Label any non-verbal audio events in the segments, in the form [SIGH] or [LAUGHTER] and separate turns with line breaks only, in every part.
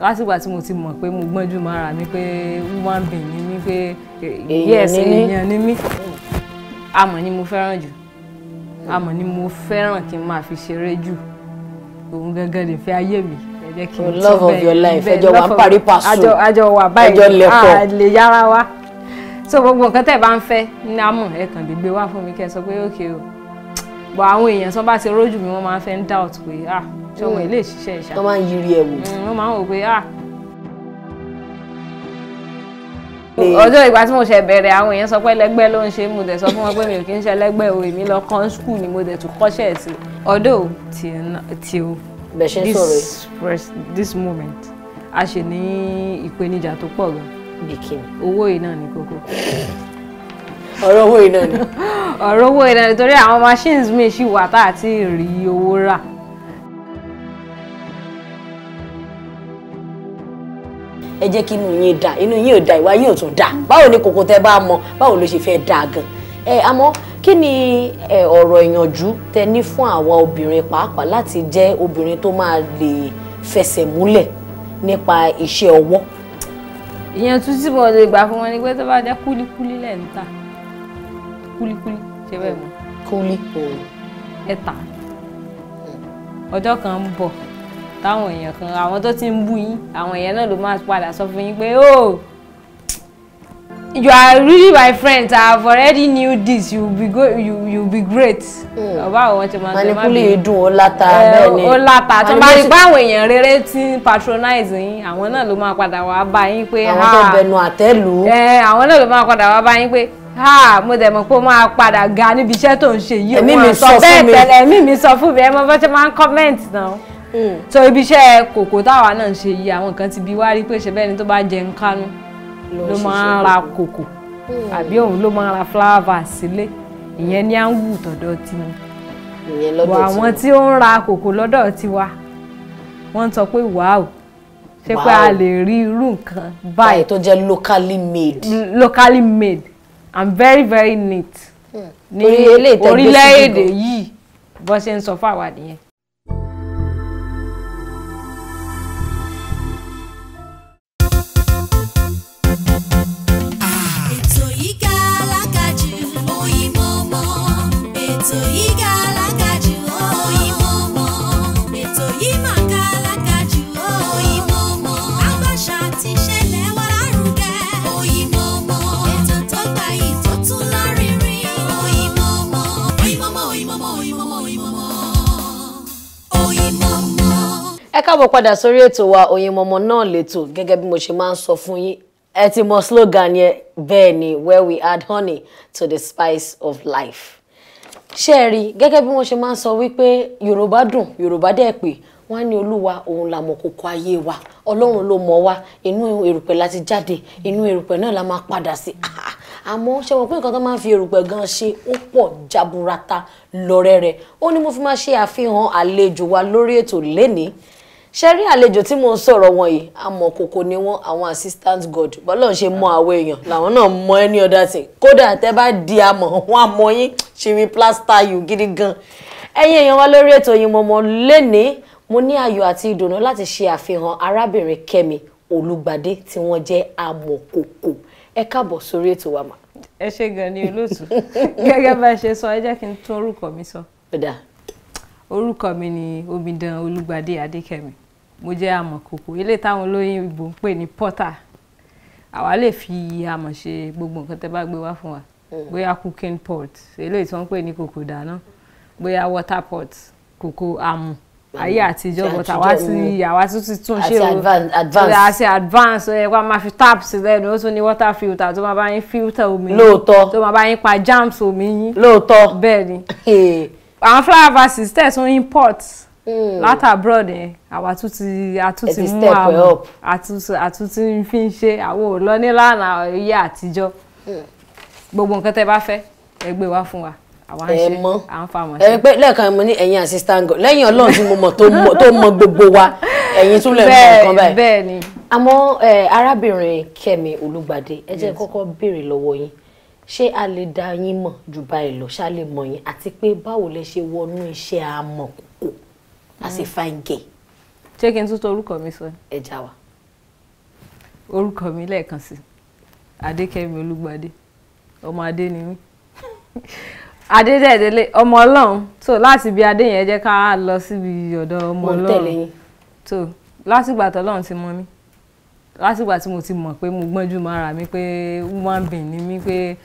lásìgbà tí mo ti mọ̀ pé mo gbọ́njú mọ́ra mi pé woman being ni mí pé eh, èèyàn ni mí amọ̀ ni mo fẹ́ràn jù amọ̀ ni mo fẹ́ràn kí n máa fi ṣeré jù òun gangan lè fẹ́ ayé mi ẹ̀jẹ̀ love of your life ẹjọ́ wa ń parí pàṣọ àjọ wà báyìí a lè yára wa so gbogbo nǹkan tẹ̀ bá ń fẹ́ ní amọ̀ ẹ kàn lè gbé wá fún mi kẹ́ ẹ sọ pé okay o bọ̀ àwọn èèyàn tó bá ti rójú mi wọ́n máa fẹ́ ń doubt pé ah tí ọmọ hmm. ilé ìṣiṣẹ́ ìṣà. tó máa ń yiri ẹ̀wò. Hmm, wọ́n máa ń wò pé ah. ọjọ́ ìgbà tí mo ṣe bẹ̀rẹ̀ àwọn èèyàn sọ pé ẹlẹgbẹ́ ló ń ṣe mo dẹ̀ sọ fún wọn pé mi ò kí ń ṣe ẹlẹgbẹ́ o èmi lọ kàn skul ni mo dẹ̀ tún kọ́ṣẹ́ sí ọdọ́ tí o this moment a ṣe ní ìpèníjà tó pọ̀ gan. bikini. owó yìí náà ní kókó ọ̀rọ̀ owó iná ni. [LAUGHS] ọ̀rọ̀ owó iná ni torí àwọn machines mi ṣì wà tá a rí owó rà
ẹ jẹ́ kí inú yín dà inú yín ò dà ìwà yín ò tún dà báwo ni kòkò tẹ bá mọ báwo ló ṣe fẹ́ dà gan ẹ àmọ́ kí ni ọ̀rọ̀ ìyànjú tẹ ní fún àwa obìnrin pàápàá láti jẹ́ obìnrin tó máa lè fẹsẹ̀ múlẹ̀
nípa iṣẹ́ ọwọ́. ìyànjú tí mo lè gbà fún wọn ni pé tó bá jẹ́ kúlíkúlí lẹ̀ ń tà kúlíkúlí ṣe bẹ́ẹ̀ mọ́. kúlí. ẹ̀ta ọjọ́ kan ń bọ̀ táwọn èèyàn kan àwọn tó ti ń bú yín àwọn èèyàn náà ló máa padà sọ fún yín pé o oh, you are really my friend I have already knew this you be go you you be great. Hmm. ọba àwọn ti máa ń sọ máa bí manipulate dùn ó
láta eh, bẹ́ẹ̀ ni ó láta tó bá rí pé àwọn èèyàn rere
ti ń patronize yín àwọn náà ló máa padà wá bá yín pé àwọn tó bẹnu
àtẹ́lù. Eh, àwọn
náà ló máa padà wá bá yín pé ha mo dẹ̀ mọ̀ pé ó máa padà ga níbi iṣẹ́ tó ń ṣe yìí òun àsọ bẹ́ẹ̀ tẹ́lẹ̀ ẹ̀mí mi sọ fún mi ẹ mọ bó ṣe máa ń kọ́mẹ́ǹtì náà. Mm. so ibi iṣẹ́ kòkó táwa náà ń ṣe yìí àwọn nǹkan ti bi wá rí pé ṣe bẹ́ẹ̀ ni tó bá jẹ ń kánú ló máa ń ra kòkó mm. àbí òun ló máa ń ra fúláwà sílé ìyẹn ní à ń wù tọ̀dọ̀ tiwọn wọ àwọn tí ó ń ra kòkó lọ́dọ̀ tiwa wọ́n sọ pé wàá
ṣe pé a lè
rí irú nǹkan báyìí tó jẹ́ locally made locally made I'm very very neat mm. ní orílẹ̀-èdè yìí bó ṣe ń sọ fún àwa nìyẹn.
ẹ káàbọ̀ padà sórí ètò wa Oyinmomo náà lẹ́tọ̀ gẹ́gẹ́ bí mo ṣe máa ń sọ fún yín ẹ ti mọ slogan yẹn bẹ́ẹ̀ ni where we add honey to the spice of life. ṣé ẹ rí gẹ́gẹ́ bí wọ́n ṣe máa ń sọ wípé Yorùbá dùn Yorùbá dẹ̀ pé wọ́n á ní olúwa òun la mọ̀ kókó ayé wa ọlọ́run ló mọ̀ wá inú erùpẹ̀ la ti jáde inú erùpẹ̀ náà la máa padà sí àmọ́ ṣe wọ́n pé nǹkan tó máa ń fi erùpẹ̀ gan ṣe ó pọ̀ jaburata lọ́rẹ́rẹ́ ó ní mo fi máa ṣe àfihàn àlejò wa lórí ètò lénìí ṣe rí àlejò tí mò ń sọ̀rọ̀ wọn yìí àmọ́ kòkò ni wọ́n àwọn assistant god bọ́lọ́n ṣe mọ àwọn èèyàn làwọn náà mọ any other thing kódà tẹ́ bá di àmọ́ wọn àmọ́ yín ṣe wí plaster yìí gidi gan ẹ̀yin èèyàn wa lórí ètò yìí mọ̀mọ́ lénìí mo ní ayọ̀ àti ìdùnnú láti ṣe àfihàn arábìnrin Kẹ́mi Olúgbadé tí wọ́n jẹ́ amọ̀kòkò ẹ káàbọ̀ sórí ètò wa mà.
ẹ ṣe gan ni olóòtú gẹ́gẹ́ bá a ṣe sọ ẹ jẹ́ kí n tún orúkọ mi sọ. orúkọ mi ni omidan Olúgbadé Adékẹ́mi mo jẹ́ amọ̀kòkò eléyìí táwọn olóyìnbó ń pè ní porter àwa lè fi amọ̀ ṣe gbogbo nǹkan tẹ́ bá gbé wá fún wa hmm. bóyá cooking pot eléyìí tí wọ́n ń pè ní kòkò dáná bóyá water pot kòkò amọ̀ ayé hmm. àtijọ́ but àwa ti àwa tún ti tún ṣe o àti advance ẹ wá máa fi tap sí lẹ́nu ó tún ní water filter tó máa bá yín filter omi lóòótọ́ tó máa bá yín pa jams omi yín lóòótọ́ bẹ́ẹ̀ ni [LAUGHS] àwọn flower vases tẹ̀ tún import Hmm. láti abroad yẹn àwa tún ti àtúntì mú àwọn àtúntì fi ń ṣe àwọn ò lọ nílànà ayé àtijọ́ hmm. gbogbo nǹkan tẹ́ bá fẹ́ ẹ gbé wá fún wa àwa ń ṣe à ń fa àmọ̀ ẹ pé lẹ́ẹ̀kan
mo ní ẹ̀yin assistant god lẹ́yìn ọlọ́run tí mo mọ̀ tó mọ gbogbo wa ẹ̀yin tún lè mọ nǹkan báyìí. bẹ́ẹ̀ ni. àmọ́ arábìnrin Kẹ́mi Olúgbadé ẹ jẹ́ kọ́kọ́ béèrè lọ́wọ́ yín ṣé a lè dá yín mọ̀ jù báyìí lọ ṣá lè mọ̀ yín àti pé báwo lẹ ṣe wọnú
iṣẹ́ amọ̀kù as a fine girl. ṣé kí n tún tó orúkọ mi sọ. ẹ já wa. orúkọ mi lẹ́ẹ̀kan sí adékẹ́mi olúgbadé ọmọ adé ni mí [LAUGHS] adédèdélé ọmọ ọlọ́run tó láti bí adé yẹn jẹ́ ká lọ síbi ọ̀dọ̀ ọmọ ọlọ́run tó látìgbà tọ́lọ́run ti mọ mí látìgbà tí mo ti mọ̀ pé mo gbọ́njú mára mi pé woman being ni mí pé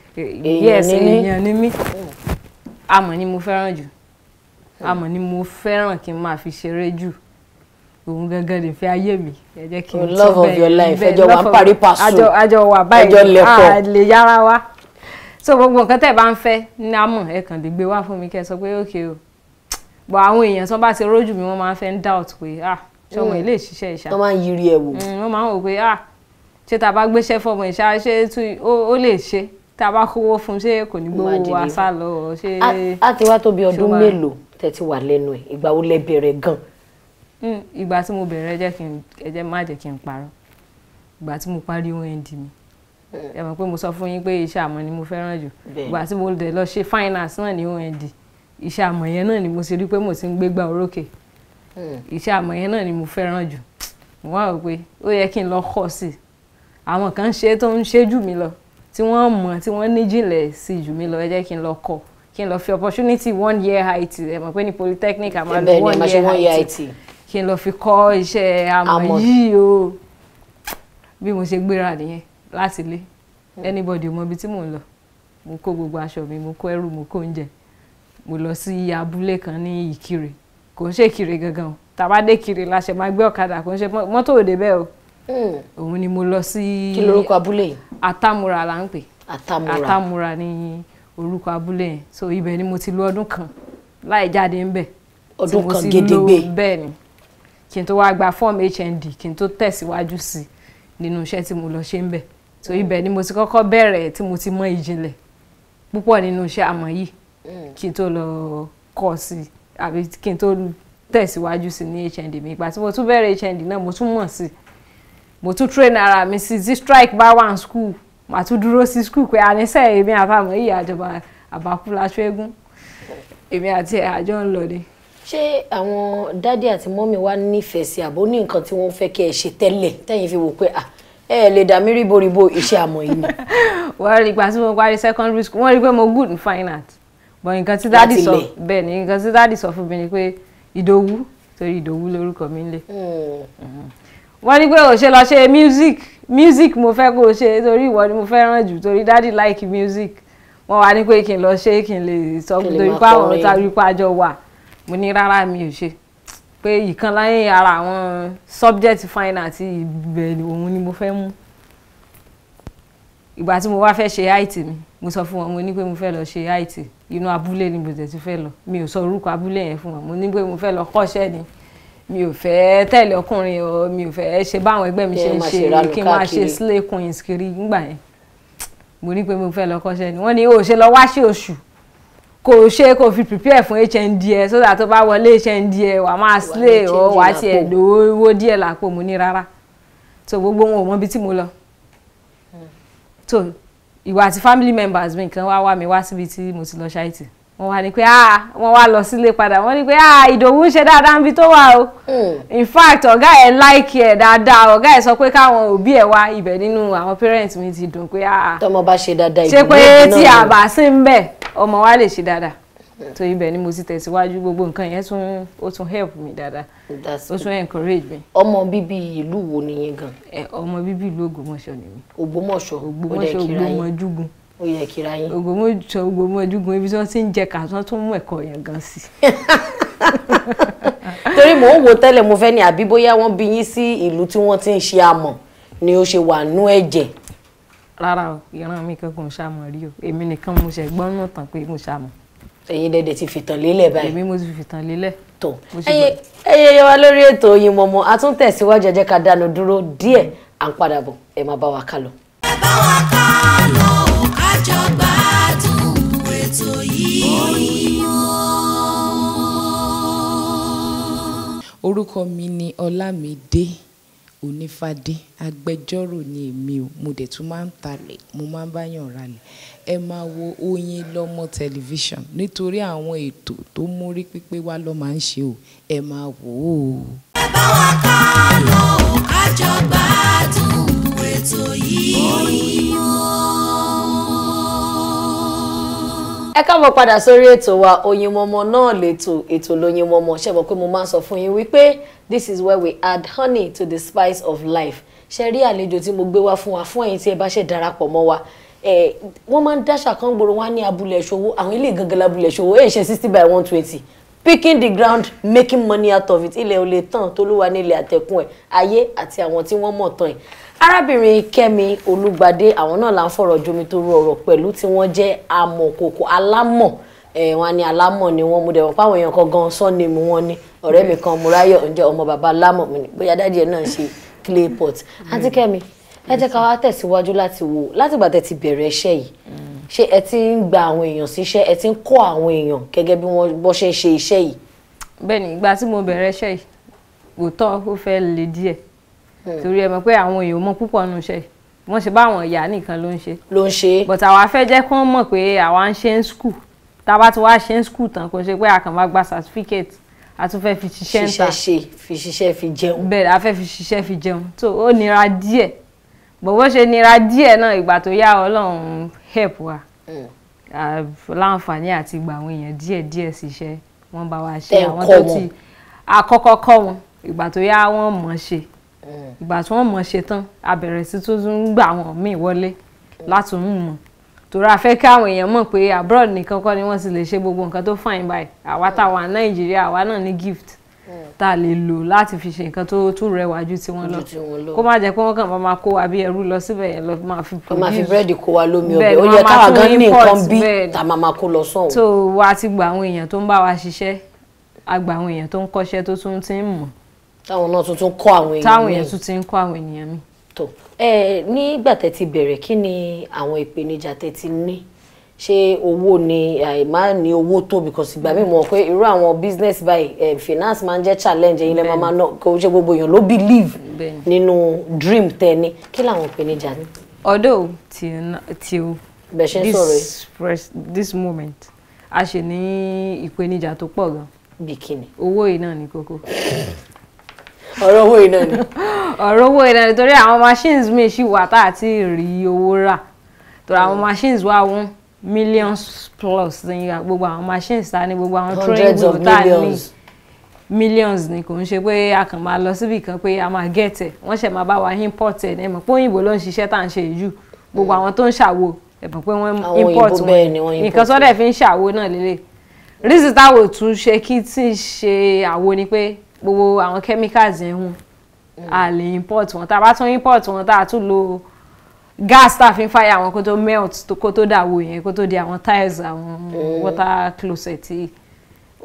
yes èèyàn ni mí àmọ́ ni mo fẹ́ràn jù àmọ́ ni mo fẹ́ràn kí n máa fi ṣeré jù òun gangan lè fẹ́ ayé mi ẹ jẹ́ kí n tún bẹ́ẹ̀ love of your life ẹjọ wà ń parí pàṣọ àjọ àjọ wà báyìí a lè yára wa so gbogbo nǹkan tẹ́ ẹ bá ń fẹ́ ní àmọ̀ ẹ kàn lè gbé wá fún mi kẹ́ ẹ sọ pé ókè o bọ̀ àwọn èèyàn tó bá ti rójú mi wọ́n máa ń fẹ́ ń doubt pé ah ṣọmọ hmm. ilé ìṣiṣẹ́ ìṣá wọ́n máa ń yiri ẹ̀ wò hmm, wọ́n máa ń wò pé ah ṣé tá a bá gbéṣẹ́ fọmọ ìṣá ṣé ó lè ṣe tá a bá kówó fún ṣé kò ní gbówó wa sá lọ ṣé.
a ti wá tó bí ọdún mélòó tẹ́tí wà lẹ́nu ẹ̀
ìgbà wo lẹ bẹ̀rẹ̀ gan. Hmm, ìgbà tí mo bẹ̀rẹ̀ ẹ jẹ́ kí n ẹ jẹ́ má jẹ́ kí n parọ́ ìgbà tí mo parí ond mi hmm. ẹ mọ̀ pé mo sọ fún yín pé iṣẹ́ àmọ́ ni mo fẹ́ràn jù ìgbà tí mo lọ ṣe finance náà ní ond iṣẹ́ àmọ́ yẹn náà ni mo ṣe rí pé mo ti ń gbégbá orókè hmm. iṣẹ́ àmọ́ yẹn náà ni mo fẹ́ràn jù wọ́n á rò pé ó yẹ kí n lọ kọ́ sí i àwọn kan ṣe tó ń ṣe jù mí lọ tí wọ́n mọ̀ tí wọ́n níjìnlẹ̀ sí jù mí lọ ẹ jẹ́ kí n lọ kọ́ ọ kí n lọ fi opportunity one year IT ẹ mọ̀ pé ní polytechnic àmọ́ one, one year, one year IT kí n lọ fi kọ́ iṣẹ́ amọ̀ yìí o bí mo ṣe gbéra nìyẹn láti ilé anybody mọ ibi tí mò ń lọ mo kó gbogbo aṣọ mi mo kó ẹrù mo kó oúnjẹ mo lọ sí abúlé kan ní Ìkirè kò ń ṣe Ìkirè gangan o tàbá dé Ìkirè la ṣe máa gbé ọ̀kadà kò ń ṣe mọ́tò òde bẹ́ẹ̀ o hmm. òun ni mo lọ sí kí lorúkọ abúlé yìí Àtàmúra là ń pè Àtàmúra Àtàmúra ní orúkọ abúlé yẹn so ibẹ̀ ni mo ti lo ọdún kan láì jáde ń bẹ̀ ọdún kan gédégbé bẹ́ẹ̀ ni kí n tó wá gba form HND kí n tó tẹ̀síwájú sí nínú iṣẹ́ tí mo lọ ṣe ń bẹ̀ so ibẹ̀ ni mo ti kọ́kọ́ bẹ̀rẹ̀ tí mo ti mọ ìjìnlẹ̀ púpọ̀ nínú iṣẹ́ amọ̀ yìí hmm. kí n tó lọ kọ́ sí àbí kí n tó tẹ̀síwájú sí ní HND mi ìgbà tí mo tún bẹ̀rẹ̀ HND náà mo tún mọ̀ sí mo tún train ara mi sí tí strike bá wà ní school Ma tún dúró sí skul pé àníṣe èmi àbámọ èyí àjọba àbákú laṣọ eégún èmi àti àjọ ń lọ
ni. ṣé àwọn dádì àti mọ́mì wa nífẹ̀ẹ́ sí àbó ní nǹkan tí wọ́n fẹ́ kí ẹ ṣe tẹ́lẹ̀
tẹ́yìn fi wò pé à ẹ lè dà mí ríboríbo iṣẹ́ àmọ̀ yìí ni. [LAUGHS] wọ́n rí ìgbà tí mo parí secondary school wọ́n rí pé mo good in fine art but nǹkan tí dádì sọ bẹ́ẹ̀ ni nǹkan tí dádì sọ fún mi ni pé ìdòwú torí ìdòwú lórúkọ mi ń lè wọ́n ní pé ò ṣe lọ ṣe music music mo fẹ́ kó o ṣe torí ìwọ ni mo fẹ́ràn jù torí dádì like music wọ́n wá ní pé kí n lọ ṣe kí n lè sọ torí pé àwọn ọ̀tá rí pé àjọ wà mo ní rárá mi ò ṣe pé ìkan láyé ara àwọn subject fine àti ìbẹ̀ òun ni mo fẹ́ mú ìgbà tí mo wá fẹ́ ṣe IT mi mo sọ fún wọn mo ní pé mo fẹ́ lọ ṣe IT inú abúlé ni mo tẹ̀ ti fẹ́ lọ mi ò sọ orúkọ abúlé yẹn fún wọn mo ní pé mo fẹ́ lọ kọ́ṣẹ́ ni mi ò fẹ́ tẹ̀lé ọkùnrin o mi ò fẹ́ ṣe báwọn ẹgbẹ́ mi ṣe ń ṣe kí n máa ṣe slay queens kiri nígbà yẹn mo ní pé mo fẹ́ lọ kọ́ṣẹ́ ni wọ́n ní o ṣe lọ wá sí oṣù kò ṣe kò fi prepare fún hnd ẹ so that tó bá wọlé hnd ẹ wà máa slay o wà á tiẹ̀ lówó díẹ̀ lápò mo ní rárá so gbogbo wọn ò mọ ibi tí mo lọ hmm. so ìwà àti family members mi kan wá wá mi wá síbi tí mo ti lọ ṣáìtì wọ́n wá ní pé ah wọ́n wá lọ sílé padà wọ́n ní pé ah ìdòwú ń ṣe dáadáa níbi tó wà o hmm. in fact ọ̀gá ẹ̀ láìkì ẹ̀ dáadáa ọ̀gá ẹ̀ sọ pé káwọn òbí ẹ̀ wá ibẹ̀ nínú àwọn parents mi ti dùn pé ah tọmọ bá ṣe dáadáa ìdùnnú náà ṣe pé tí àbá sí ń bẹ̀ ọmọ wa lè ṣe dáadáa tó hmm. ibẹ̀ ni mo ti tẹ̀síwájú gbogbo nǹkan yẹn tún ó tún help mi dáadáa ó tún encourage mi. ọmọ bíbí ìlú wo nìyẹn gan. ọmọ bíbí ìlú Ògbómọ̀ṣọ́ ni mi. Ògbómọ̀ṣọ́ Ògbómọ̀ṣọ́ Ògbómọ̀júgun ó yẹ kíra yín. ògbómọjọ ògbómọjúgun ibi tí wọ́n ti ń jẹ kàtọ́ tó mú ẹ̀kọ́ yẹn gan sí.
[LAUGHS] torí mò ń wo tẹ́lẹ̀ mo fẹ́ ni àbí bóyá wọ́n bí yín sí ìlú tí wọ́n ti ń ṣe amọ̀ ni ó ṣe wà nú ẹ̀jẹ̀.
rárá o ìran mi kankan ṣàmọ̀ rí o èmi nìkan mo ṣe gbọ́n náà tán pé mo ṣàmọ̀ ẹ̀yin dẹ̀dẹ̀ ti fìtàn lélẹ̀ báyìí èmi mo ti fìtàn lélẹ̀. tó ẹyẹ
ẹyẹ wa lórí ètò Oyin Mọmọ a tún tẹ̀síwájú ẹ ká dánu dúró díẹ̀ à ń padà bọ̀ ẹ máa bá wa ká lọ. ẹ bá wa ká lọ kájọ gbádùn ètò yìí. orúkọ mi ni ọlámídé onífàdé agbẹjọ́rò ni èmi o mo dẹ̀ tún máa ń talẹ̀ mo máa ń báyàn ralẹ̀ ẹ máa wo Oyin lọ́mọ tẹlifíṣàn nítorí àwọn ètò tó mórí pípé wá ló máa ń ṣe o ẹ máa wò ó. ẹ bá wa ká lọ ká gbádùn ètò yìí. Oyin o ẹ káàbọ̀ padà sórí ètò wa Oyinmomo náà lètò ètò l'Oyinmomo ṣe mọ̀ pé mo máa sọ fún yín wípé this is where we add honey to the spice of life ṣe rí àlejò tí mo gbé wá fún wa fún ẹ̀yin tí ẹ bá ṣe darapọ̀ mọ́ wa wọ́n máa ń dáṣà kan gbòòrò wá ní abúlé ṣòwò àwọn ilé gangan lábúlé ṣòwò èyí ṣe sixty by one twenty picking the ground making money out of it ilẹ̀ ò lè tàn tolúwa ní ilẹ̀ àtẹ̀kùn ẹ̀ ayé àti àwọn tí wọ́n mọ̀ tán ẹ̀ arábìnrin Kẹ́mi Olúgbadé àwọn náà là ń fọ̀rọ̀ jomitoro ọ̀rọ̀ pẹ̀lú tí wọ́n jẹ́ amọ̀kòkò alámọ̀ ẹ̀ wọ́n ní alámọ̀ ni wọ́n mú dẹ̀ wọ́n páwọn èèyàn kan gan sọ́ni mu wọ́n ní ọ̀rẹ́ mi kan Múráyọ̀ ǹjẹ́ ọmọ bàbá alámọ̀ mi ni bóyá dáàdì ẹ̀ náà ṣe clay pot àǹtí Kẹ́mi ẹ jẹ́ ká wá tẹ̀síwájú láti wò látìgbà tẹ̀ ti bẹ̀rẹ̀ iṣẹ́ yìí ṣé ẹ ti ń gba àwọn èèyàn síṣẹ́ ẹ ti ń kọ́ àwọn èèyàn gẹ́gẹ́ bí wọ́n bọ́ ṣe ń ṣe iṣẹ́ yìí.
bẹ́ẹ̀ni ìgbà tí mo bẹ̀rẹ̀ iṣẹ́ yìí òótọ́ ó fẹ́ le díẹ̀ hmm. torí ẹ mọ̀ pé àwọn èèyàn mọ̀ púpọ̀ nù iṣẹ́ yìí wọ́n ṣe báwọn ìyá nìkan ló ń ṣe. ló ń ṣe. but àwa fẹ́ jẹ́ kán mọ̀ pé àwa ń ṣe ń skul tá a bá ti wá ṣe ń skul tán kò ṣe pé a kàn máa gba certificate a tún fẹ́ fi ṣiṣẹ́ ń ta. ṣiṣẹ́ ṣe fi ṣiṣẹ́ fi jẹun. bẹ́ẹ̀ a fẹ́ fi ṣiṣẹ́ fi jẹun tó ó nira díẹ̀ bọ̀bọ́ ṣe nira díẹ̀ náà ìgbà tó yá ọlọ́run help wa mm. láǹfààní àti gba àwọn èèyàn díẹ̀ díẹ̀ síṣẹ́ wọ́n bá wa ṣe àwọn tó ti àkọ́kọ́ kọ́ wọn ìgbà tó yá wọ́n mọ̀ ṣe mm. ìgbà tí wọ́n mọ̀ ṣe tán a bẹ̀rẹ̀ sí tó tún gbà wọ́n míì wọlé mm. látún mọ̀ torí a fẹ́ kí àwọn èèyàn mọ̀ pé abroad nìkan kọ́ ni wọ́n ti lè ṣe gbogbo nǹkan tó fine báyìí àwa táwa Nàìjíríà àwa náà ní gift tá a lè lò láti fi ṣe nǹkan tó tó rẹwà ju tiwọn lọ kó má jẹ́ pé wọ́n kàn máa kó wa bí ẹrú lọ síbẹ̀ yẹn lọ máa fi produce. wọ́n máa fi búrẹ́dì
kó wa lómi ọbẹ̀ ó yẹ káwa gan ní nǹkan bí
tá a máa máa kó lọ sọ́hùn. tó wa ti gba àwọn èèyàn tó ń bá wa ṣiṣẹ́ a gba àwọn èèyàn tó ń kọ́ṣẹ́ tó tún ti ń mọ̀. táwọn náà tuntun kọ́ àwọn èèyàn mi. táwọn èèyàn tún ti ń kọ́ àwọn ènìyàn mi. tó ẹ nígbà tẹ́ ti bẹ̀rẹ̀ kí ni àwọn ìpèníjà tẹ́ ti ní
ṣé owó ni àìmá eh, ní owó tó because ìgbà mi mọ̀ pé irú àwọn business by eh, finance máa ń jẹ́ challenge ẹ̀yin lẹ́ máa máa ná kó ṣe gbogbo èèyàn ló believe nínú dream tẹ́ni kí làwọn ìpèníjà ni.
although till till this press, this moment a ṣe ní ìpèníjà tó pọ̀ gan. bikini. owó yìí náà ni kókó. ọ̀rọ̀ owó yìí náà ni. [LAUGHS] ọ̀rọ̀ owó yìí náà ni torí àwọn machines mi ṣì wà tá àti rí owó rà torí àwọn mm. machines wà wọ́n millions plus ní gbogbo àwọn machines ta ní gbogbo àwọn training wheel ta ní millions ni kò ń ṣe pé a kàn máa lọ síbì kan pé a máa get ẹ̀ wọ́n ṣẹ̀ máa bá wa import ẹ̀ ẹ̀ mọ̀ pé òyìnbó ló ń ṣiṣẹ́ tá à ń ṣe jù gbogbo àwọn tó ń ṣàwo ẹ̀ mọ̀ pé wọ́n import wọn nǹkan sọ́dẹ̀ fi ń ṣàwo náà lélẹ̀ reason táwo tún ṣe kí tí ń ṣe àwo ni pé gbogbo àwọn chemicals yẹn wọn a lè import wọn tá a bá tún import wọn tá a tún lo gas tá a fi ń fire àwọn kó to melt kó tó dàwó yẹn kó tó di àwọn tiles àwọn eh. water closet yìí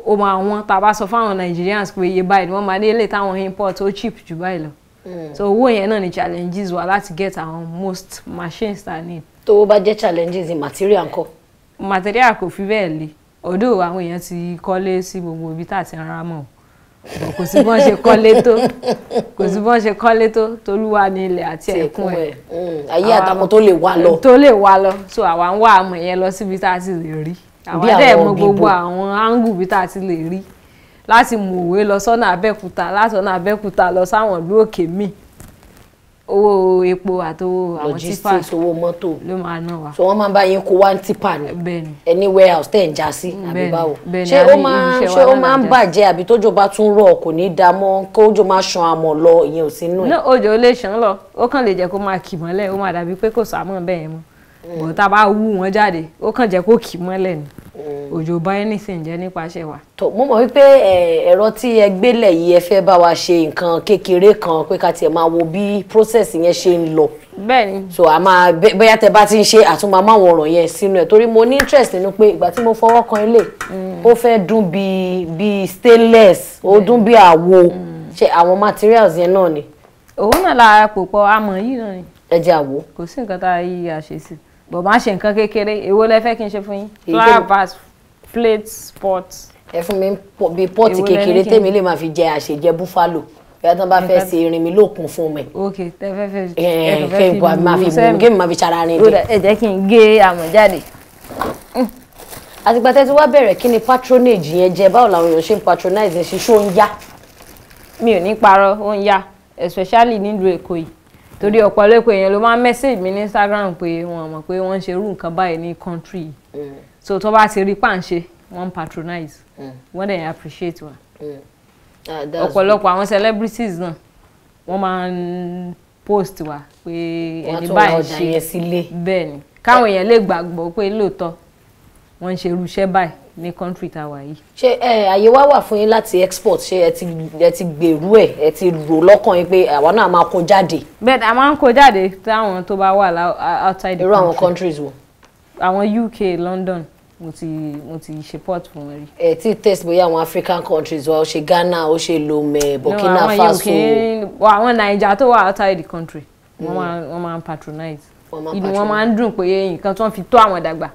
ó máa wọ́n tá a bá sọ fáwọn Nigerians pé iye báyìí ni wọ́n máa ní ilé táwọn import ó cheap jù báyìí lọ hmm. so owó yẹn náà ni challenges wà láti get àwọn most machines tá a need. tó o bá jẹ́ challenges in material ńkọ́. material kò fi bẹ́ẹ̀ le ọ̀dọ̀ àwọn èèyàn ti kọ́lé sí gbogbo ibi tá a ti ń ra mọ́ o kò sí bọ́n ṣe kọ́lé tó kò sí bọ́n ṣe kọ́lé tó tolúwa ní ilẹ̀ àti ẹ̀kún ẹ̀. Mm, ayé àtàwọn tó lè wá lọ. tó lè wá lọ so àwa ń wá àmọ̀ yẹn lọ síbi tá a ti lè rí àwa dẹ̀ mọ gbogbo àwọn áńgù bí tá a ti lè rí láti mọ̀wé lọ sọ́nà Abẹ́òkúta láti ọ̀nà Abẹ́òkúta lọ sáwọn ìlú òkè míì owó epo àtowó àwọn tipa logistics owó mọ́tò ló máa ná wa. so wọ́n máa bá yín kó
one tipa ni bẹ́ẹ̀ni any warehouse tẹ̀ ń já sí àbí báwo ṣé ó máa ṣé ó máa ń bàjẹ́
àbí tójò bá tún rọ̀ kò ní dá mọ́ kójò máa ṣan àmọ̀ lọ ìyẹn ò sí nù ẹ̀. náà òjò lè ṣàn lọ ó kàn lè jẹ́ kó máa kì mọ́lẹ̀ ó máa dàbí pé kò sàmọ́ bẹ́ẹ̀ mọ́ bọ̀ tá bá wú wọn jáde ó kàn jẹ́ kó kì í mọ́lẹ̀ ni mm. òjò bá anything jẹ́ nípasẹ̀ wa. tó mo mọ̀ wípé
ẹ̀rọ tí ẹ gbélẹ̀ yìí ẹ fẹ́ bá wa ṣe nǹkan kékeré kan pé ká tiẹ̀ máa wo bí process yẹn ṣe ń lọ. bẹ́ẹ̀ni. so a máa bóyá tẹ bá ti ń ṣe àtúmọ̀ máwọn ọ̀rọ̀ yẹn sínú ẹ̀ torí mo ní interest nínú pé ìgbà tí mo fọwọ́ kan ilé mm. ó fẹ́ dún bíi
stainless ó dún bíi àwo mm. ṣe àwọn materials yẹn náà ni. òun náà la pòpọ̀ amọ̀ yìí náà ni. ẹ jẹ́ àwo. kò sí nǹkan tá a yí àṣe bọ̀ máa ṣe nǹkan kékeré èwo lẹ fẹ́ kí n ṣe fún yín flower vase plate pot. ẹ fún mi bíi pọ́ọ̀tì kékeré tèmi lè
máa fi jẹ àṣejẹ búfalo bóyá tí wọ́n bá fẹ́ ṣe irin mi lókun fún mi. ok tẹ fẹ́ fẹ́ ẹ fẹ́ fi bù sẹ́mi kí n máa fi ṣara rin dé. ẹ jẹ́ kí n gé àmọ̀ jáde. Mm. àtìgbà tẹ́ ti wá bẹ̀rẹ̀ kí ni patronage yẹn jẹ́ báwo làwọn èèyàn ṣe ń patronize ṣíṣó ń yá.
mi ò ní parọ́ ó ń yá especially nílùú èkó yìí torí ọ̀pọ̀lọpọ̀ èèyàn ló máa ń mẹ́sẹ̀jì mi ní Instagram pé wọ́n mọ̀ pé wọ́n ń ṣe irú nǹkan báyìí ní country yìí eh. so tó bá ti rí pàǹṣe wọ́n patronize eh. wọ́n dẹ̀ appreciate wa
eh. ah, ọ̀pọ̀lọpọ̀
àwọn celebrities náà wọ́n máa ń post wa pé ẹni báyìí ṣe bẹ́ẹ̀ ni káwọn èèyàn lè gbàgbọ́ pé lóòótọ́ wọ́n ń ṣe irú iṣẹ́ báyìí ní country tá a wà yìí. ṣé ẹ àyè wá wà fún yín
láti export ṣé ẹ ti gbèrú ẹ ẹ ti rò lọ́kàn yín pé àwa náà máa kó jáde.
bẹ́ẹ̀ a máa ń kó jáde táwọn tó bá wà outside the country. irú àwọn countries wo. àwọn UK London mo ti mo ti ṣe port fún wọn rí. ẹ ti test bóyá àwọn African countries
wa ó ṣe Ghana ó ṣe Lomé Burkina Faso.
àwọn Naija tó wà outside the country wọ́n hmm. máa ń patronize inú wọn máa ń dùn pé nǹkan tó ń fi tó àwọn dàgbà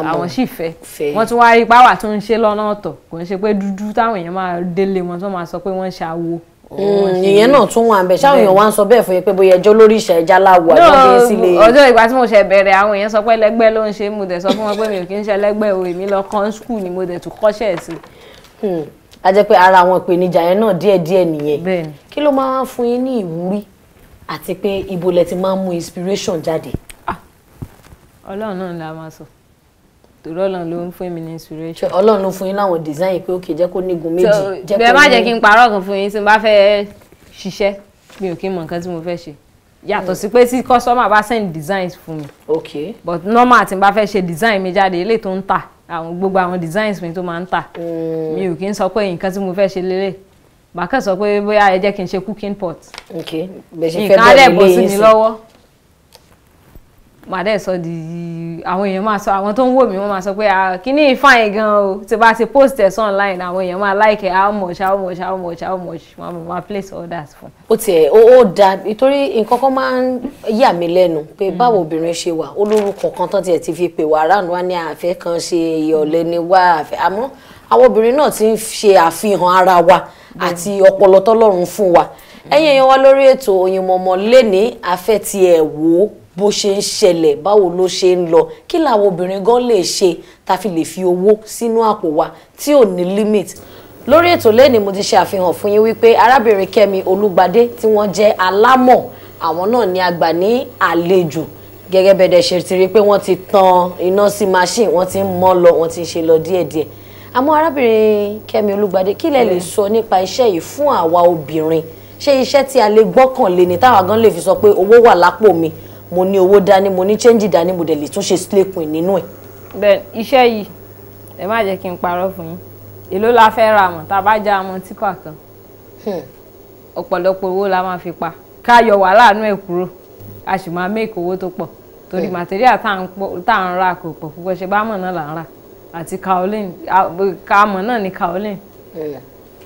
àwọn sì fẹ́ wọ́n tún wáá rí páwà tó ń ṣe lọ́nà ọ̀tọ̀ kò ń ṣe pé dúdú táwọn èèyàn máa délé wọn tó máa sọ pé wọ́n ṣe awo hmm, ìyẹn náà tún wà bẹ ṣáwọn èèyàn wá ń
sọ bẹ́ẹ̀ fún yín pé bóyá ẹjọ́ lórí ìṣẹ ẹja láwọ àjọyẹ sílé. ọjọ́
ìgbà tí mo ṣe bẹ̀rẹ̀ àwọn èèyàn sọ pé ẹlẹgbẹ́ ló ń ṣe mo dẹ̀ sọ fún wọn pé mi ò kí ń ṣe ẹlẹgbẹ́ o èmi lọ kàn skul ni mo dẹ̀ tún kọ́ṣẹ́ sí. Hmm, a
jẹ́ pé ara àwọn ìpèníjà yẹn náà díẹ̀díẹ̀ nìyẹn kí ló máa ń fún yín ní ìwúrí àti pé ibo lẹ ti máa ń mú inspiration jáde. Ah,
Ọlọ́run náà la máa sọ
torí Ọlọ́run ló ń fún mi ní inspiration. Ọlọ́run ló fún yín láwọn design pé òkè jẹ́ kó nígun méjì. bẹ́ẹ̀ má jẹ́ kí n parọ́
kan fún yín tí n bá fẹ́ ṣiṣẹ́ mi ò kí n mọ nǹkan tí mo fẹ́ ṣe yàtọ̀ sí pé tí customer bá send designs fún mi. ok but normal tí n bá fẹ́ ṣe design mi jáde eléyìí tó ń tà àwọn gbogbo àwọn designs mi tó máa ń tà mm. mi ò kí n sọ pé nǹkan tí mo fẹ́ ṣe lélẹ̀ màá kàn sọ pé bóyá ẹ jẹ́ kí n ṣe cooking pot. ok bẹ́ẹ̀ ṣe fẹ́ bẹ́ẹ̀ màá dẹ̀ sọ di àwọn èèyàn máa sọ àwọn tó ń wò mí wọ́n máa sọ pé kíní fine gan o tí bá ti post ẹ̀ sọ online àwọn èèyàn máa like it how much how much how much how much máa máa place orders fún.
ó tiẹ̀ ó da nítorí nǹkan kan máa ń yà mí lẹ́nu pé mm. báwo obìnrin ṣe wà olórúkọ kan tán tiẹ̀ ti fi pè wá ráàlú wá ní àfẹ́ kan ṣe ìyọ̀lẹ́ ni wá àfẹ́ àmọ́ àwọn obìnrin náà ti ń ṣe àfihàn ara wa mm. àti ọpọlọ tọ́lọ́run fún wa ẹ̀yin èèyàn wa lórí ètò Oyinmomo lẹ́ni àfẹ́ tiẹ̀ wò ó bó ṣe ń ṣẹlẹ̀ báwo ló ṣe ń lọ kí làwọn obìnrin gan lè ṣe tá fi lè fi owó sínú àpò wa tí ò ní limit lórí ètò lẹ́ni mo ti ṣe àfihàn fún yín wípé arábìnrin Kẹ́mi Olúgbadé tí wọ́n jẹ́ alámọ̀ àwọn náà ni a gbà ní àlejò gẹ́gẹ́ bẹ́ẹ̀ dẹ̀ ṣe ti rí pé wọ́n ti tan iná sí machine wọ́n ti ń mọ́ lọ wọ́n ti ń ṣe lọ díẹ̀díẹ̀ àmọ́ arábìnrin Kẹ́mi Olúgbadé kí lẹ lè sọ nípa iṣẹ́ yìí fún àwa obìnrin ṣé iṣẹ́ tí a lè gbọ́kànlé ni táwa gan lè fi sọ pé owó wà lápò mi mo ní owó dání mo ní chẹ́ńjì dání mo dẹ̀ lè tún ṣe sílẹ̀kùn nínú ẹ̀.
bẹ́ẹ̀ iṣẹ́ yìí ẹ má jẹ́ kí n parọ́ fún yín èló la fẹ́ ra àmọ́ tá a bá já àmọ́ tíkà kan hmm. ọ̀pọ̀lọpọ̀ owó la máa fi pa ká yọ wàhálà inú ẹ̀ kúrò a sì máa make owó tó pọ̀ torí hmm. material tá à ń ra kò pọ̀ púpọ̀ ṣe bá mọ̀ náà là ń rà àti kaolin kaamọ̀ náà ni kaolin hmm.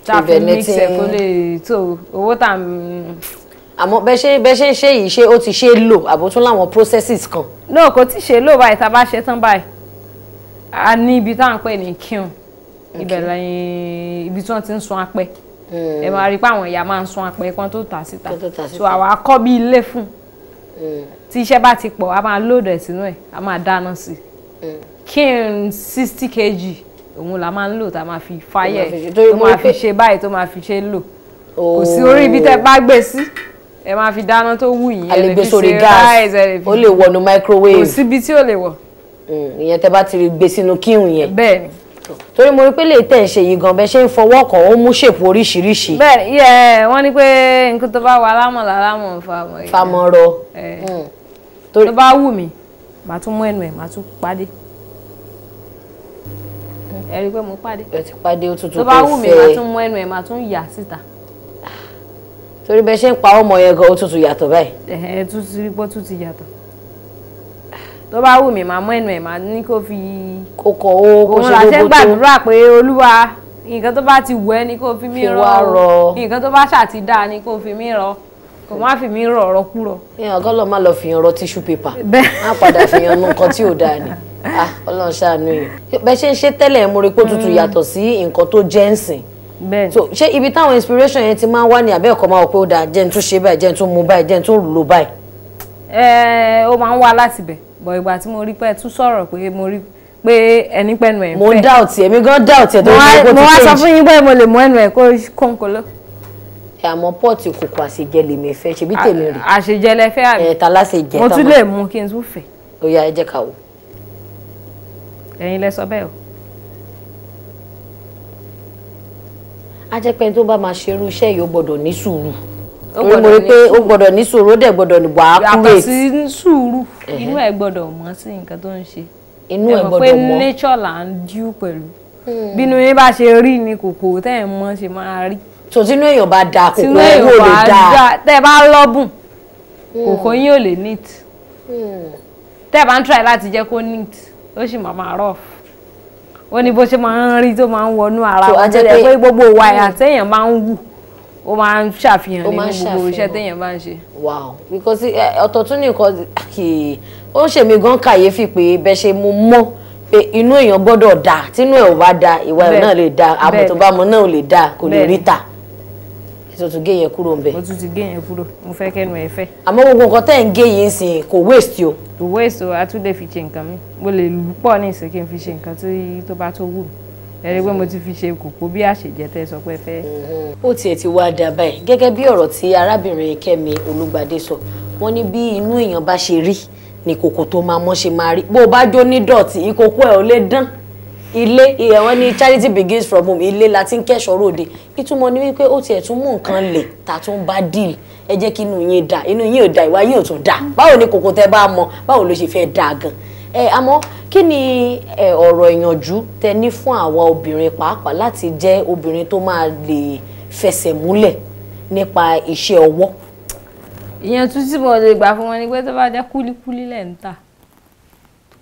tá a fi mix ẹ̀ kó lè tó owó tá a àmọ́ bẹ́ ṣe bẹ́ ṣe ń ṣe yìí ṣé ó ti ṣe lò àbó tún láwọn processes kan. náà kò tí ṣe lò báyìí tá a bá ṣe tán báyìí a ní ibi tá à ní kíun ibẹ̀ lẹ́yìn ibi tí wọ́n ti ń sun apẹ́ mm. ẹ máa rí i pé àwọn ìyá máa ń sun apẹ́ kan tó tà síta so àwa kọ́ bí ilé fún mm. tí iṣẹ́ bá ti pọ̀ a máa lóòdù ẹ̀ sínú ẹ̀ a máa dáná sí i mm. kíun sixty kg òun la máa ń lò tá a máa fi fáyẹ̀ tó máa fi ṣe báyìí tó máa fi ṣe lò kò sí oh. orí ibi tẹ́ bá gbé sí ẹ máa fi dáná tó wù yín ẹ lè fi ṣe rice ẹ lè fi ó lè wọnú
microwave kò síbi tí ó lè wọ. Mm, ìyẹn tẹ bá ti rí gbé sínú kíhùn yẹn. bẹ́ẹ̀ni. torí mo rí pé lè tẹ̀ ṣe yìí gan bẹ́ẹ̀ ṣe ń fọwọ́ kàn ó mú ṣèpò oríṣiríṣi.
bẹ́ẹ̀ni ẹ wọ́n ní pé nǹkan tó bá wà lámọ̀ lálámọ̀ famọ̀ yìí. famọ̀ rọ. Mm. tó bá wù mí màá tún mú ẹnu ẹ màá tún pàdé mm. ẹ rí i pé mo pàdé. ẹ ti pàdé ó tuntun tó fẹ́ tó bá wù mí màá tún mú ẹnu ẹ màá tún yà síta
torí bẹ́ẹ̀ ṣe ń pa ọmọ yẹn gan ó tún ti yàtọ̀ báyìí.
ẹ tún ti rí pọ́ tún ti yàtọ̀ tó bá wù mí màá mọ ẹnu ẹ màá ní kó fi kókó owó kó ṣe gbogbo tó òun làṣẹ gbàdúrà pé olúwa nǹkan tó bá ti wù ẹ́ ni kó fi mí rọ nǹkan tó bá ṣàti dáa ni kó fi mí rọ kò má fi mí rọ ọ̀rọ̀
kúrọ. èèyàn kọ́ lọ má lọ fìyàn rọ tíṣù pépà má padà fìyàn nu nǹkan tí ò dáa ni [LAUGHS] ah, Ọlọ́run ṣàánú yìí bẹ́ẹ̀ ṣe ń ṣe tẹ́lẹ̀ mo rí pé ó tutù mm. yàtọ̀ sí nǹkan tó jẹ́ ń sìn bẹ́ẹ̀ so ṣé ibi táwọn inspiration yẹn ti máa ń wá ní abẹ́ ẹ̀kọ́ máa wọ pé ó dáa jẹ́ n tún ṣe báyìí jẹ́ n tún mu báyìí jẹ́ n tún lò báyìí.
ẹ eh, ó máa ń wá láti bẹ̀ bọ̀ ìgbà tí mo rí pé ẹ tún sọ̀rọ̀ pé mo rí pé ẹni pẹ́nu ẹ̀ ń fẹ́. mo ń dá
òtí ẹ̀mí gan dá òtí ẹ̀ tó ń gbé kó ti change. mo wá sọ fún
yín pé mo lè mú ẹnu ẹ̀ kó kónkolo
àmọ́ pọ́ọ̀tì kòkò àṣejẹ lèmi fẹ́ ṣebí tèmi rè. àṣejẹ lẹ fẹ́ àbí. ẹ̀ẹ́ta láṣejẹ tán. mo tún lè
mú kí n tún fẹ́.
ó yá ẹ jẹ́ ká wò. ẹ̀yin lẹ sọ bẹ́ẹ̀ o. a jẹ́ pé tó bá máa ṣe irú iṣẹ́ yìí ó gbọ́dọ̀ ní sùúrù mo rí pé ó gbọ́dọ̀ ní sùúrù
ó dẹ̀ gbọ́dọ̀ wà á kúrè. yàtọ̀ sí sùúrù inú ẹ̀ gbọ́dọ̀ mọ́ sí nǹkan tó ń ṣe inú ẹ̀ gbọ́dọ̀ mọ́ pé nature là ń díú pẹ̀lú hmm. bínú yín bá ṣe rí ni kòkòrò tẹ́ ẹ̀ mọ́ ṣe máa rí. tó tínú èèyàn bá da kòkòrò yóò lè da tẹ́ ẹ bá lọ́bùn hmm. kòkòrò yín ò lè wọ́n ní bó ṣe máa ń rí tó máa ń wọnú ara wọn tó dẹ̀ pé gbogbo wa ẹ̀ àtẹ̀yàn máa ń wù ó máa ń ṣàfihàn nínú gbogbo iṣẹ́ téèyàn bá ń ṣe. wow
because eh, ọ̀tọ̀ tún ní nǹkan ó ń ṣe mí gan kàyéfì pé bẹ́ẹ̀ ṣe mo mọ́ pé inú èèyàn gbọ́dọ̀ dáa tínú ẹ̀ ò bá dáa ìwà ẹ̀ náà lè dáa àbùtò bá mu náà ò lè dáa kò lè ríta
tó tún gé yẹn kúrò ń bẹ̀. mo tún ti gé yẹn kúrò mo fẹ́ kẹ́nu ẹ̀ fẹ́. àmọ́ gbogbo nǹkan tẹ́ ẹ̀ ń gé yìí ń waste o. kò waste o a tún lè fi ṣe nǹkan mi mo lè lù pọ̀ ní ìsìn kí n fi ṣe nǹkan tó bá tó wù mí ẹni pé mo ti fi ṣe kòkó bí àṣejẹ tẹ sọ pé fẹ́.
ó tiẹ̀ ti wá dà báyìí gẹ́gẹ́ bí ọ̀rọ̀ tí arábìnrin Kẹ́mi Olúgbadé sọ wọ́n ní bí inú èèyàn bá ṣe rí ni koko to máa mọ́ ṣe máa rí bó o bá jó ní dọ̀tí ìkòkó ẹ̀ ò lè ilé ìyẹ̀wọ́n ní charity begins from home ilé Latin ti ń kẹ́ṣọ́ ròde ìtumọ̀ ni wípé ó tiẹ̀ tún mú nǹkan lẹ̀ tá a tún bá deal ẹ jẹ́ kí inú yín dà inú yín ò dà ìwà yín ò tún dà báwo ni kòkò tẹ bá mọ báwo ló ṣe fẹ́ dà gan ẹ àmọ́ kí ni ọ̀rọ̀ ìyànjú tẹ ní fún àwa obìnrin pàápàá láti jẹ́ obìnrin tó máa lè fẹsẹ̀ múlẹ̀ nípa iṣẹ́ ọwọ́ ìyẹn tún tí
mo lè gbà fún wọn ni pé tó bá jẹ́ kúlíkúlí lẹ́ ń tà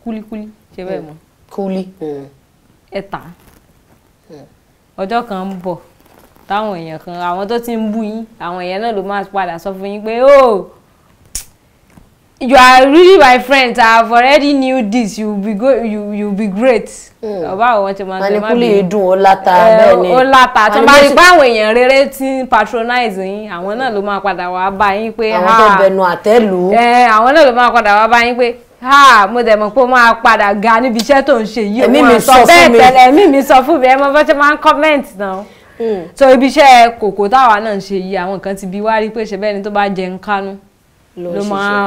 kúlíkúlí ṣe bẹ́ẹ̀ mọ́. kúlí. Hmm ẹ̀tàn ọjọ́ kan ń bọ̀ táwọn èèyàn kan àwọn tó ti ń bú yín àwọn èèyàn náà ló máa padà sọ fún yín pé o oh, you are really my friend i have already knew this you be go you you be great. Hmm. ọba àwọn tí wọn ti máa bí manikuli dùn ó láta bẹ́ẹ̀ ni ó láta tí wọn bá rí pé àwọn èèyàn rere ti ń patronize yín àwọn náà ló máa padà wá bá yín pé. àwọn tó bẹnu àtẹ́ lù ú. àwọn náà ló máa padà wá bá yín pé ha mo dẹ̀ mọ̀ pé ó máa ga níbi iṣẹ́ tó ń ṣe yìí ẹ̀mí mi sọ fún mi ẹ̀mí mi sọ fún mi ẹ mọ bó ṣe comment náà hmm. so ibi iṣẹ́ kòkó táwa náà ń ṣe yìí àwọn kan ti bi wá rí pé ṣe bẹ́ẹ̀ ni tó bá jẹ ń kánú ló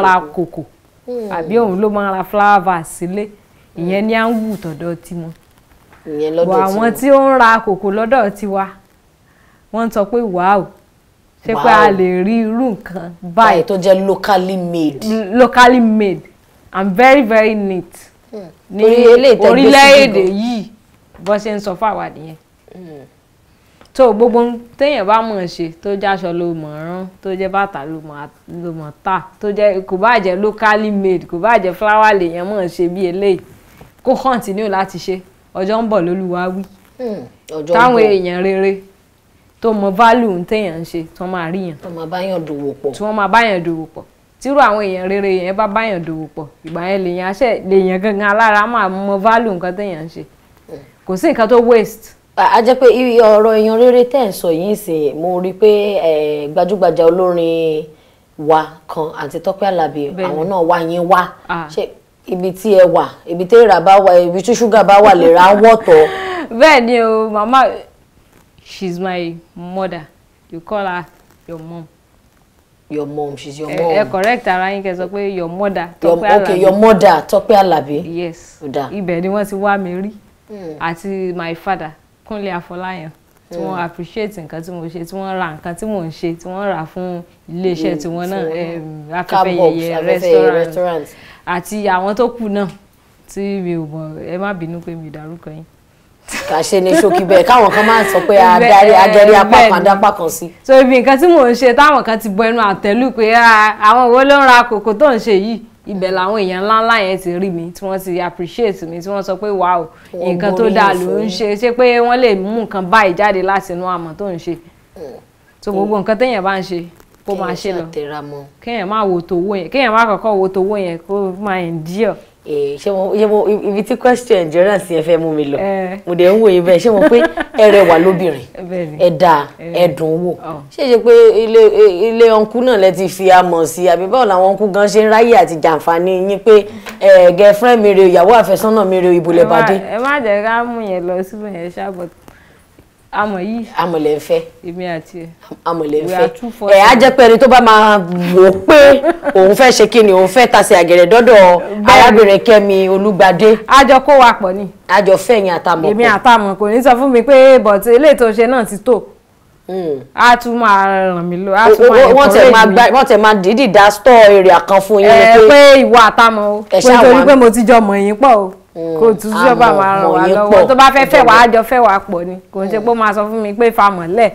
ra kòkó hmm. àbí òun ló máa ra flower sílé hmm. ìyẹn ni à ń wù tọ̀dọ̀ tiwọn
wọ àwọn tí
ó ń ra kòkó lọ́dọ̀ tiwa wọ́n ń sọ pé wàá ṣe pé a lè rí irú nǹkan báyìí tó jẹ́ locally made locally made i'm very very neat hmm. ní orílẹ̀-èdè yìí bó ṣe ń sọ fáwa nìyẹn tó hmm. gbogbo téèyàn bá mọ̀ ṣe tó jáṣọ ló mọ̀ rán tó jẹ́ bàtà ló mọ̀ tà tó jẹ́ kò bá jẹ́ locally made kò bá jẹ́ flower lèèyàn mọ̀ ṣe bí eléyìí kó continue láti ṣe ọjọ́ ń bọ̀ lólúwa wí táwọn hmm. èèyàn rere tó mọ value téèyàn ń ṣe tó máa ríyàn tó máa báyàn dòwò pọ̀ tírú àwọn èèyàn rere yẹn bá báyàn dòwò pọ̀ ìgbà yẹn lèèyàn aṣẹ lèèyàn gangan alára máa mọ value nǹkan téèyàn ń ṣe kò sí nǹkan tó waste. a
jẹ́ pé ọ̀rọ̀ èèyàn rere tẹ́ ẹ̀ sọ yìí sí mo rí i pé gbajúgbajà olórin wa kan àti Tọ́pẹ́ Àlàbí àwọn náà wá yín wá ṣe ibi tí ẹ wà ibi tí èrà bá wà ibi tí ṣúgà bá wà lè ra wọ́tọ̀.
[LAUGHS] bẹ́ẹ̀ ni o mama she's my mother you call her your mom
your mom she's your eh, mom. ẹ eh,
correct ara yín kẹ́ sọ pé your mother Tọ́pẹ́ Alabi. okay your mother Tọ́pẹ́ Alabi. yes ibẹ̀ ni wọ́n ti wá mi rí hmm. àti my father Kúnlé Afọláyàn tí hmm. wọ́n appreciate nǹkan tí mo ṣe tí wọ́n ra nǹkan tí mò ń ṣe tí wọ́n rà fún iléeṣẹ́ hmm. tiwọn náà afẹ́fẹ́ yẹyẹ restaurant àti àwọn tó kù náà tí mi ò mọ̀ ẹ má bínú pé mi ò dárúkọ yín
kà ṣe ní ṣókí bẹ́ẹ̀ káwọn kan máa sọ pé adarí agẹrí apá kan dápá
kan sí. so ibi nǹkan tí mò ń ṣe táwọn kan ti bọ ẹnu àtẹ́lù pé àwọn wo ló ń ra kòkó tó ń ṣe yìí ibẹ̀ làwọn èèyàn ńláńlá yẹn ti rí mi tí wọ́n ti appreciate mi tí wọ́n sọ pé o nǹkan tó dáa ló ń ṣe ṣé pé wọ́n lè mú nǹkan báyìí jáde láti inú àmọ́ tó ń ṣe so gbogbo mm. nǹkan téèyàn bá ń ṣe kó máa ṣe lọ kéèyàn má wo tòwó yẹn kéèyàn má kọ́kọ́ wo tòwó yẹn kó máa endure Eh, ṣé mo ṣé mo ibi tí question endurance yẹn fẹ́ mú mi lọ eh. mo dẹ̀ ń wòye bẹ́ẹ̀ ṣé mo pé ẹ rẹwà lóbìnrin ẹ
dáa eh. ẹ dùn wò oh. ṣé ṣe pé ilé ilé ọ̀nkú náà lẹ ti fi amọ̀ sí àbí báwo làwọn ọ̀nkú gan ṣe ń ráyè àti jàǹfààní yín pé girlfriend mi rè ìyàwó àfẹ́sọ́nà mi rè ìbòlẹ̀ bàdé. ẹ
má jẹ́ ká mú yẹn lọ síbẹ̀ yẹn ṣáà amọ̀ yìí amọ̀ lẹ́ ń fẹ́ èmi àti ẹ̀ amọ̀ lẹ́ ń fẹ́ ẹ̀
á jẹ́ pé ẹni tó bá máa wò ó pé
òun fẹ́ ṣe kí ni òun fẹ́ tasẹ̀ àgẹ̀rẹ̀ dọ́dọ̀ arábìnrin Kẹ́mi Olúgbadé. àjọ kó wa pọ̀ ni. àjọ fẹ́ yẹn àtàmọ̀ èmi àtàmọ̀ kò ní sọ fún mi pé but ilé tó ṣe náà ti tó hmm. a tún máa ràn mí lọ a tún máa encourage mi. wọ́n tẹ̀ máa dídì dá stọ́ọ̀ èrè àkànfún yín. ẹ pé ìwà àtàmọ̀ o pé torí pé mo ti jọ mọ̀ yín pọ̀ o kò tún sábà máa ràn wá lọ́wọ́ tó bá fẹ́ fẹ́ wàá jọ fẹ́ wàá pọ̀ ni kò ń ṣe mm. pé ó máa sọ fún mi pé famọ̀lẹ̀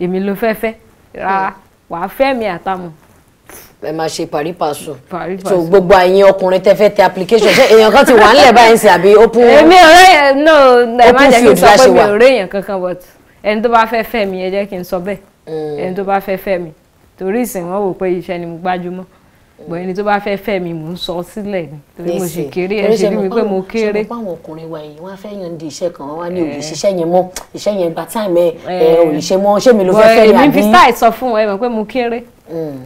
èmi ló fẹ́ fẹ́ rárá mm. wàá fẹ́ mi àtàmù.
ẹ máa ṣe pari paṣọ so gbogbo àyìn ọkùnrin tẹ fẹ́ tẹ application ṣé èèyàn kan ti wà nílẹ̀ báyìí sí àbí open èmi ọ̀rẹ́ yẹn
ẹ má jẹ́ kí n sọ pé mi ọ̀rẹ́ yẹn kankan but ẹni tó bá fẹ́ fẹ́ mi ẹ jẹ́ kí n sọ bẹ́ẹ̀ mm. ẹni tó bá fẹ́ fẹ́ mi torí ìsìn wọn wò pé iṣẹ́ ni mo gbájúmọ́ gbọ̀n ẹni tó bá fẹ́ fẹ́ mi mò ń sọ sílẹ̀ ni torí mo ṣe kéré ẹ ṣe rí mi pé mo kéré. ṣé mo
báwọn ọkùnrin wa yìí wọn fẹ́ yan di iṣẹ́ kan wọn ní òye eh. ṣiṣẹ́ yẹn mọ́ iṣẹ́ yẹn gba táìmù eh. ẹ ò lè ṣe mọ́ ṣé mi ló fẹ́ fẹ́ yà bí. èmi fi style
sọ fún wọn ẹ mọ̀ pé mo kéré mm.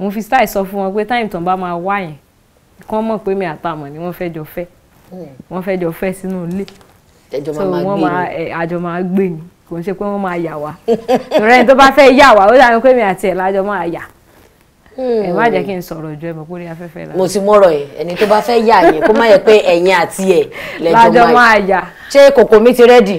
mo fi style sọ fún wọn pé táìmù tán bá máa wá yẹn kán mọ̀ pé mi àtàmọ̀ ni wọ́n fẹ́ jọ fẹ́ mm. wọ́n fẹ́ jọ fẹ́ sínú ilé [LAUGHS] ẹ má jẹ́ kí n sọ̀rọ̀ ju ẹ mọ̀ kórè
afẹ́fẹ́ la. mo ti mọ̀rọ̀ ẹ̀ ẹni tó bá fẹ́ yà yẹn kó má yẹ pé ẹ̀yin àti ẹ̀ lẹ́jọ́ máa yà. ṣé kòkò mi ti rẹ́dì.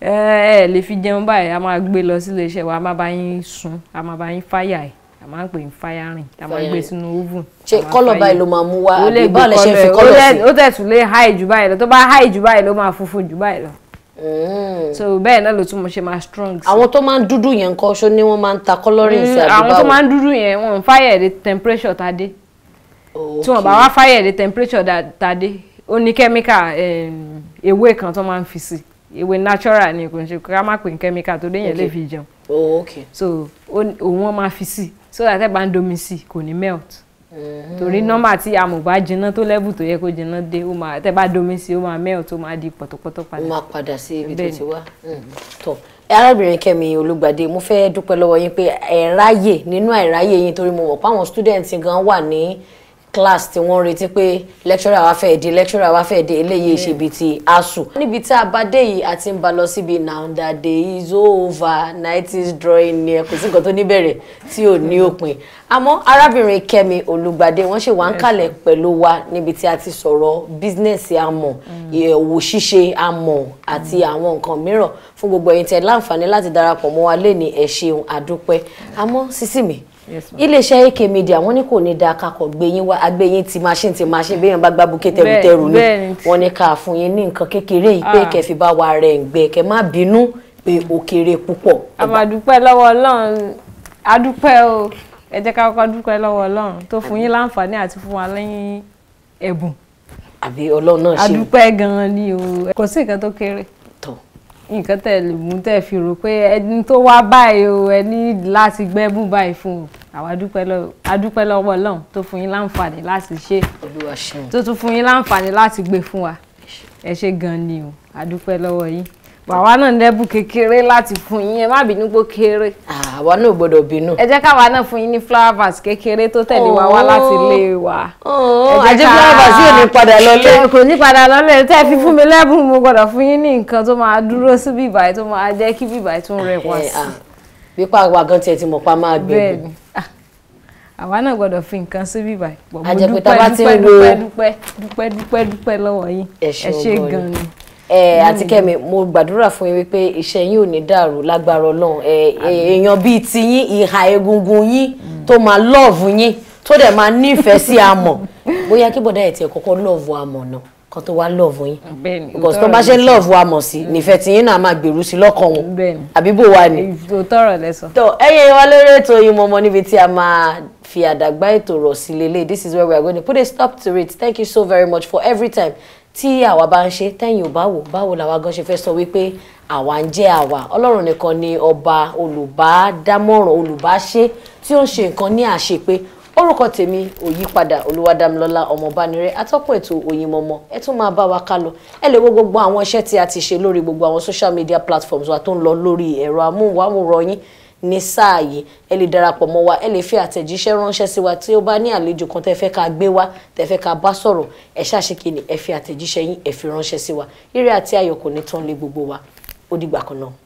ẹ ẹ lè fi jẹun báyìí a máa gbé lọ sílé iṣẹ́ wa a máa bá yín sun a máa bá yín fáyà ẹ̀ a máa ń pè ní fáyàrìn a máa gbé sínú oven. ṣe kọ́lọ̀ báyìí ló máa mú wá àbí báwo lẹ ṣe fi kọ́lọ̀ sí. ó tẹ̀ tún lé háì jù báyìí lọ tó bá háì jù báyìí ló máa funfun jù báyìí lọ. Eh. so bẹ́ẹ̀ náà ló tún mo ṣe máa strong. àwọn tó máa ń
dúdú yẹn nǹkan ṣó ni wọ́n máa ń ta
colouring sí àdúgbò. àwọn tó máa ń
dúdú yẹn wọ́n fire
the temperature ta dé tí wọ́n bá wá fire the temperature ta dé ó ní kẹ́míkà ewé kan tó máa ń fi sí ewé natural ni kò ń ṣe ká má pè ní kẹ́míkà tó déyàn lè fi jẹun oh, so òun wọ́n máa fi sí so that ẹ bá ń domi sí kò ní melt torí nọ́mbà tí amògbá jiná tó lẹ́bù tó yẹ kó jiná dé ó máa tẹ́ bá domi sí ó máa mẹ́ọ̀ tó máa di pọ̀tọ̀pọ̀tọ̀ padà. ó máa padà sí ibi tó ti wá hm, tó arábìnrin Kẹ́mi Olúgbadé
mo fẹ́ dúpẹ́ lọ́wọ́ yín pé ẹ nínú àìráyè yín torí mo wọ̀ pé àwọn students gan wà ní class tí wọ́n retí pé lecturer wa fẹ́ dé lecturer wa fẹ́ dé eléyìí ṣe bíi ti asu. níbi tí a bá dé yìí a ti ń ba now that day is over night is drawing near kò sí nǹkan tó níbẹ̀rẹ̀ tí ò ní òpin. àmọ́ arábìnrin Kẹ́mi Olùgbàdé wọ́n ṣe wà ń kalẹ̀ pẹ̀lú wa níbi tí a ti sọ̀rọ̀ bísínẹ́sì àmọ̀ òwò mm. ṣíṣe àmọ̀ àti mm. àwọn nǹkan mìíràn fún gbogbo ẹ̀yin tẹ́ láǹfààní láti darapọ̀ mọ́ wa lé ní ẹ ṣeun àdúpẹ́ mm. àmọ́ sísì mi iléeṣẹ́ AK Media wọ́n ní kò ní da kakọ̀ gbẹ̀yìn wá agbẹ̀yìn ti machine ti machine bẹ́yàn bá gbá buké tẹrù tẹrù ni wọ́n ní ká fún yín ní nǹkan kékeré yìí pé ah. kẹ́ fi bá wa rẹ̀ ń gbẹ kẹ́ má bínú pé ó kéré púpọ̀. a
máa dúpẹ́ lọ́wọ́ ọlọ́run a o ẹ jẹ́ ká kọ́kọ́ dúpẹ́ lọ́wọ́ ọlọ́run tó fún yín láǹfààní àti fún wa lẹ́yìn ẹ̀bùn.
àbí
gan-an ni o kò sí nǹkan tó kéré nǹkan tẹ̀ lè mú tẹ̀ fi rò pé ẹni tó wá báyìí o ẹni láti gbẹ́bùn báyìí fún o àwa adúpẹ́ lọ́wọ́ ọlọ́run tó fún yín láǹfààní láti ṣe tó tún fún yín láǹfààní láti gbé fún wa ẹ ṣé gan ni o adúpẹ́ lọ́wọ́ yín bàwa náà lẹ́bù kékeré láti fún yín ẹ má bínú pé kéré. àwa náà gbọ́dọ̀ bínú. ẹ jẹ́ káwa náà fún yín ní flower vase kékeré tó tẹ̀lé wa wá láti ilé wa.
Oh, àjẹ́ flower vase yóò ní padà lọ́lé. kò
ní padà lọ́lé tẹ́ fi fún mi lẹ́bùn mo gbọ́dọ̀ fún yín ní nǹkan tó máa dúró sí bíbà yìí tó máa jẹ́ kí bíbà yìí tún rẹwà eh, sí i. bí pàwọ́ gan tiẹ̀ ti mọ̀ pa máa gbé e. Ah, àwa náà gbọ́dọ̀ fi nǹkan sí
bíbà yìí. àjẹpẹ́ta bá dúpẹ́
dúpẹ́ dúpẹ́ dúpẹ́ lọ́wọ́ yín ẹ ṣé gan
ni ẹ mm. àti Kẹ́mi mo gbàdúrà fún yín wípé iṣẹ́ yín ò ní dàrú lágbára Ọlọ́run ẹ èèyàn bíi tiyín ìhà egungun yín mm. tó máa lọ́ọ̀fù yín tó dẹ̀ máa nífẹ̀ẹ́ sí amọ̀ [LAUGHS] bóyá kí bọ̀dá ẹ̀ tiẹ̀ kọ́kọ́ lọ́ọ̀fù amọ̀ náà kan tó wá lọ́ọ̀fù yín because tó bá ṣe ń amọ̀ sí mm. nífẹ̀ẹ́ tiyín náà máa gbèrú sí lọ́kàn wọn àbí bò wá ni. tó ẹ̀yin wa lórí ètò yìí mọmọ níbi tí a máa fi àdàgbà ètò rọ̀ sí lélẹ̀ this is where we are going to put a stop to it thank you so very much for every time tí àwa bá ń ṣe tẹ́yìn ò bá wò báwo làwa gan ṣe fẹ́ sọ wípé àwa ń jẹ́ àwa ọlọ́run nìkan ni ọba olùbádámọ̀ràn olùbáṣe tí ó ń ṣe nǹkan ní àṣepé orúkọ tèmi ò yí padà olúwadámilọ́lá ọmọbánirẹ́ atọ́kùn ètò òyìnbọmọ ẹ tún máa bá wa ká lọ ẹ lè wo gbogbo àwọn iṣẹ́ tí a ti ṣe lórí gbogbo àwọn social media platforms wa tó ń lọ lórí ẹ̀rọ amóhùnmáwòrán yín ní sáà yìí ẹ lè darapọ̀ mọ́ wa ẹ lè fi àtẹ̀jíṣẹ́ ránṣẹ́ sí wa tí ó bá ní àlejò kan tẹ́ fẹ́ ká gbé wá tẹ́ ká bá sọ̀rọ̀ ẹ ṣáṣe kí ni ẹ fi àtẹ̀jíṣẹ́ yín ẹ fi ránṣẹ́ sí wa ire àti ayọ̀ kò ní tán lé gbogbo wa ó dìgbà kan náà.